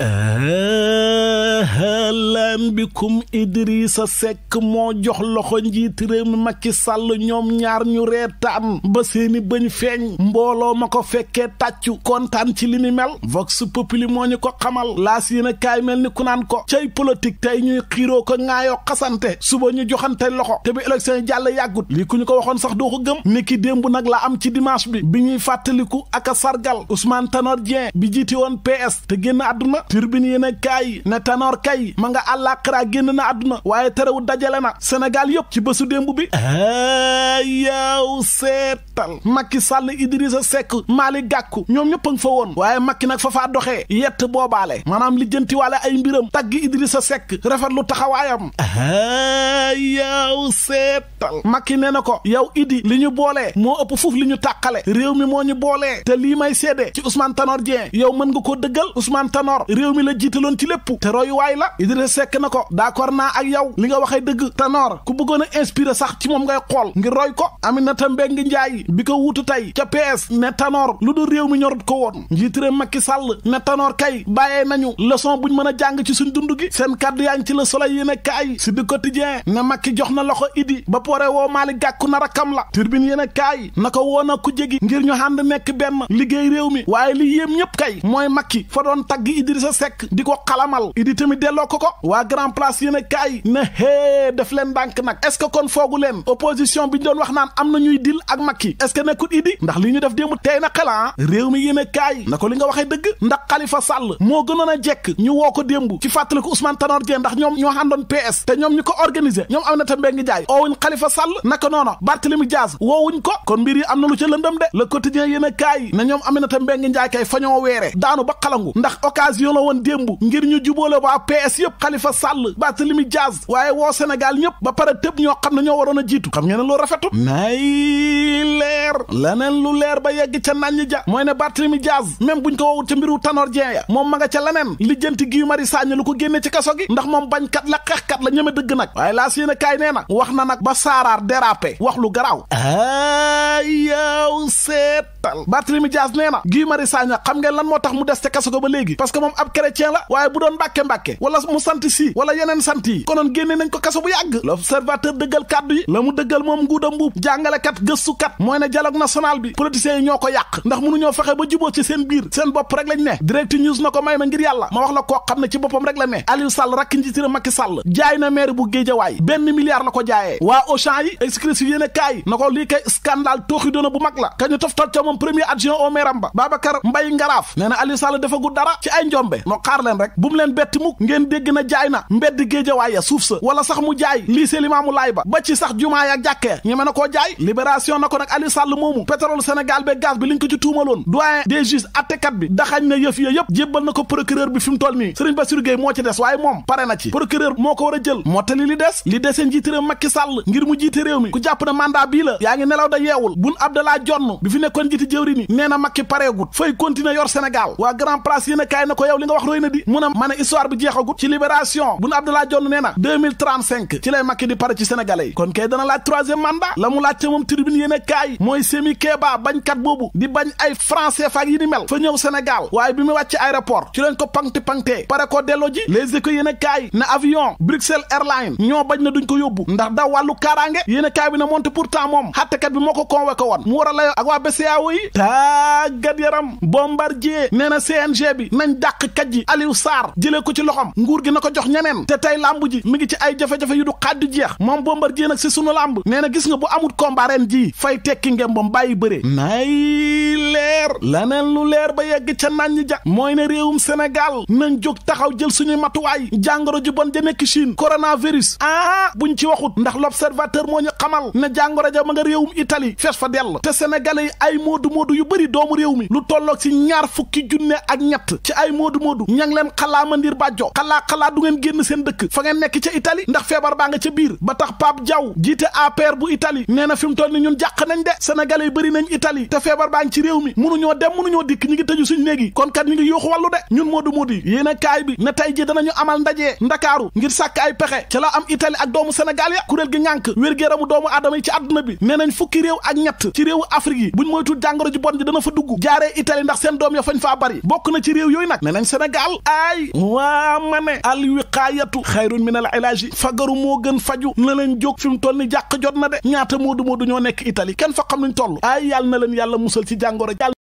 Uh... ahlan bikum sa Seck moo jox loxo njiit réew mi Macky Sall ñoom ñaar ñu ree reetaan ba seeni bëñ feeñ mbooloo ma ko fekkee tàccu kontaan ci li ni mel vox populi moo ñu ko xamal laas yéen a mel ni ku naan ko cay politique tey ñuy xiiroo ko ŋaayoo xasante suba ñu joxante loxo te bi élection yi jàll yàggut lii ku ñu ko waxoon sax doo ko gëm niki démb nag la am ci dimanche bi bi ñuy fàttaliku ak a sargal Ousmane Tanor Dieng bi jiite woon PS te génn àdduna a àllaaxira génn na àdduna waaye terewul dajale na Sénégal yëpp ci bésu démb bi a ah, yaw seetal Macky Sall Idrissa Seck maali Gakou ñoom ñëpp a ngi fa woon waaye Macky nag fa faa doxee yett boobaale maanaam li jëntiwaale ay mbiram tagg sekk Seck lu taxawaayam a ah, yaw seetal Macky nee na ko yow Idi li ñu boolee moo ëpp fuuf li ñu tàqale réew mi moo ñu boole te lii may seede ci Ousmane Tanor Dieng yow mën nga ko dëggal Ousmane Tanor réew mi la jiitaloon ci fekk na ko d'accord naa ak yow li nga waxee dëgg Tanor ku bëggoon a inspiré sax ci moom ngay xool ngir roy ko Aminata Mbengue Ndiaye bi ko wuutu tey ca PS ne Tanor lu du réew mi ñorut ko woon njiitu réew Macky Sall ne Tanor kay bàyyee nañu leçon buñ mën a jàng ci suñ dund gi seen kàddu yaa ngi ci la Soleil yéen a kaay si du quotidien ne Macky jox na loxo Idi ba pore woo Mali gàkku na rakkam la turbine yéen a kaay na ko woon a ku jégi ngir ñu ànd nekk benn liggéey réew mi waaye li yéem ñëpp kay mooy Macky fa doon tagg Idrissa Seck di ko xalamal Idi tamit delloo ko ko waa grand place yéen a na hee def leen ndànk nag est ce que kon foogu leen opposition bi ñu doon wax naan am na ñuy dil ak Macky est ce que nekkut idi ndax li ñu def démb tey na xelan ah. réew mi yéen a na ko li nga waxee dëgg ndax xalifa sàll moo gënoon a jekk ñu woo ko démb ci fàttali ko Ousmane Tanor ndax ñoom ñoo àndoon PS te ñoom ñu ko organiser ñoom Aminata Mbengue Ndiaye oowuñ Khalifa Sall naka noonu Barthélémy Diaz woowuñ ko kon mbir yi am na lu ca lëndëm de le quotidien yéen a kaay na ñoom Aminata Mbengue Ndiaye kay fa ñoo weere daanu ba xalangu ndax occasion la woon démb ngir ñu jubóole waa PS yëpp Khalifa Sall Barthélémy Diaz waaye woo Sénégal ñëpp ba pare tëb ñoo xam ne ñoo waroon a jiitu xam ngeen ne loolu nay leer laneen lu leer ba yegg ca nañ ja mooy ne Barthélémy Diaz même buñ ko woowul ca mbiru Tanor Dieng ya moom ma nga ca leneen lijjanti Guy Marius Sagna lu ko génne ci kaso gi ndax moom bañkat la kat la ñeme dëgg nag waaye laa yéen a kaay nee na wax na nag ba saaraar dérapé wax lu garaaw ayaw seet settal Barthélemy Dias nee na Guy Marius Sagna xam ngeen lan moo tax mu des ca kaso ko ba léegi parce que moom ab chrétien la waaye bu doon mbàkke-mbàkke wala mu sant si wala yeneen sant yi konoon génne nañ ko kaso bu yàgg l'observateur dëggal kàddu yi la mu dëggal moom nguuda mbuub jàngalekat gëstukat mooy ne dialogue national bi politiciens yi ñoo ko yàq ndax mënuñoo fexe ba jubóo ci seen biir seen bopp rek lañ ne direct news na ko may ma ngir yàlla moom premier adjoint au maire am ba Babacar Mbaye Ngaraaf nee na Aliou defagul dara ci ay njombe moo rek bu leen betti mukk ngeen dégg na jaay na mbedd géejawaay ya suuf sa wala sax mu jaay lycée Limamou Laye ba ba ci sax jumaa ya jàkkee ñeme na koo jaay libération na ko nag Aliou Sall moomu pétrole Sénégal ba gaz bi li ko ci tuumaloon doyen des juges attekat bi daxañ na yëf ya yëpp jébbal na ko procureur bi fi mu toll nii Serigne Bassirou Gueye moo ci des moom pare na ci procureur moo ko war a jël mottali li des li desee njiite di mu ne ma ne histoire bi jeexagut ci lay Macky di pare ci sénégalais kon kay dana laaj troisième mandat la mu laaj moom tribune yéen a kaay mooy Semi Keba bañkat boobu di bañ ay français faak yi ni mel fa ñëw Sénégal waaye bi mu wàcc aéroport ci lañ ko pangti pangtee pare ko delloo ji les écoles yéen na avion Bruxelles Airlines ñoo bañ na duñ ko yóbbu ndax daw wàllu kaaraange yéen a kaay bi na monte pourtant moom xàttekat bi moo ko convoqué woon mu war a layoo waa BCEAO way tàggat yaram bombardier nee na CNG bi nañ dàq kat ji Aliou Sarr jëlee ko ci loxom nguur gi na ko jox ñeneen te tey làmb ji mi ngi ci ay jafe-jafe yu du xaddu jeex moom bombar bombardier nag si sunu làmb nee na gis nga bu amut combat ji fay tekki ngeen moom bàyyi bëree nay leer laneen lu leer ba yegg ca nañ ja mooy ne réewum Sénégal nañ jóg taxaw jël suñuy matuwaay jàngoro ji bon ja nekk Chine coronavirus ah buñ ci waxut ndax l'observateur moo ñu xamal ne jàngoro ja ma nga réewum fa dell te moodu lu tolloog si ñaar fukki junne ak ñett ci seen dëkk fa ngeen nekk ca Italie ndax feebar baa nga ca biir ba tax Pape Diaw jiite APR bu Italie nee na fi mu toll ni ñun jàq nañ de sénégalais yi bëri nañ Italie te feebar baa ngi ci réew mi mënuñoo dem mënuñoo dikk ñi ngi tëju suñ néegi kon kat ñi ngi yooxu wàllu de ñun moodu moodu yi yéen a kaay bi ne tey ji danañu amal ndajee ndakaaru ngir sàkk ay pexe ca la am Italie ak doomu Sénégal ya kuréel gi ñànk wér-gu-yaramu doomu aadama yi ci àdduna bi nee nañ fukki réew ak ñett ci réewu Afrique yi buñ moytu jàngoro ji bon ji dana fa dugg jaaree itali ndax seen doom ya fañ faa bari bokk na ci réew yooyu nag ne nañ aay waa ma ne al wiqaayatu xayrun min al ilaaji fagaru moo gën faju na leen jóg fi mu toll ni jàq jot na de ñaata moodu moodu ñoo nekk Italie kenn fa xam luñ toll aay yàlla na leen yàlla musal ci jàngoro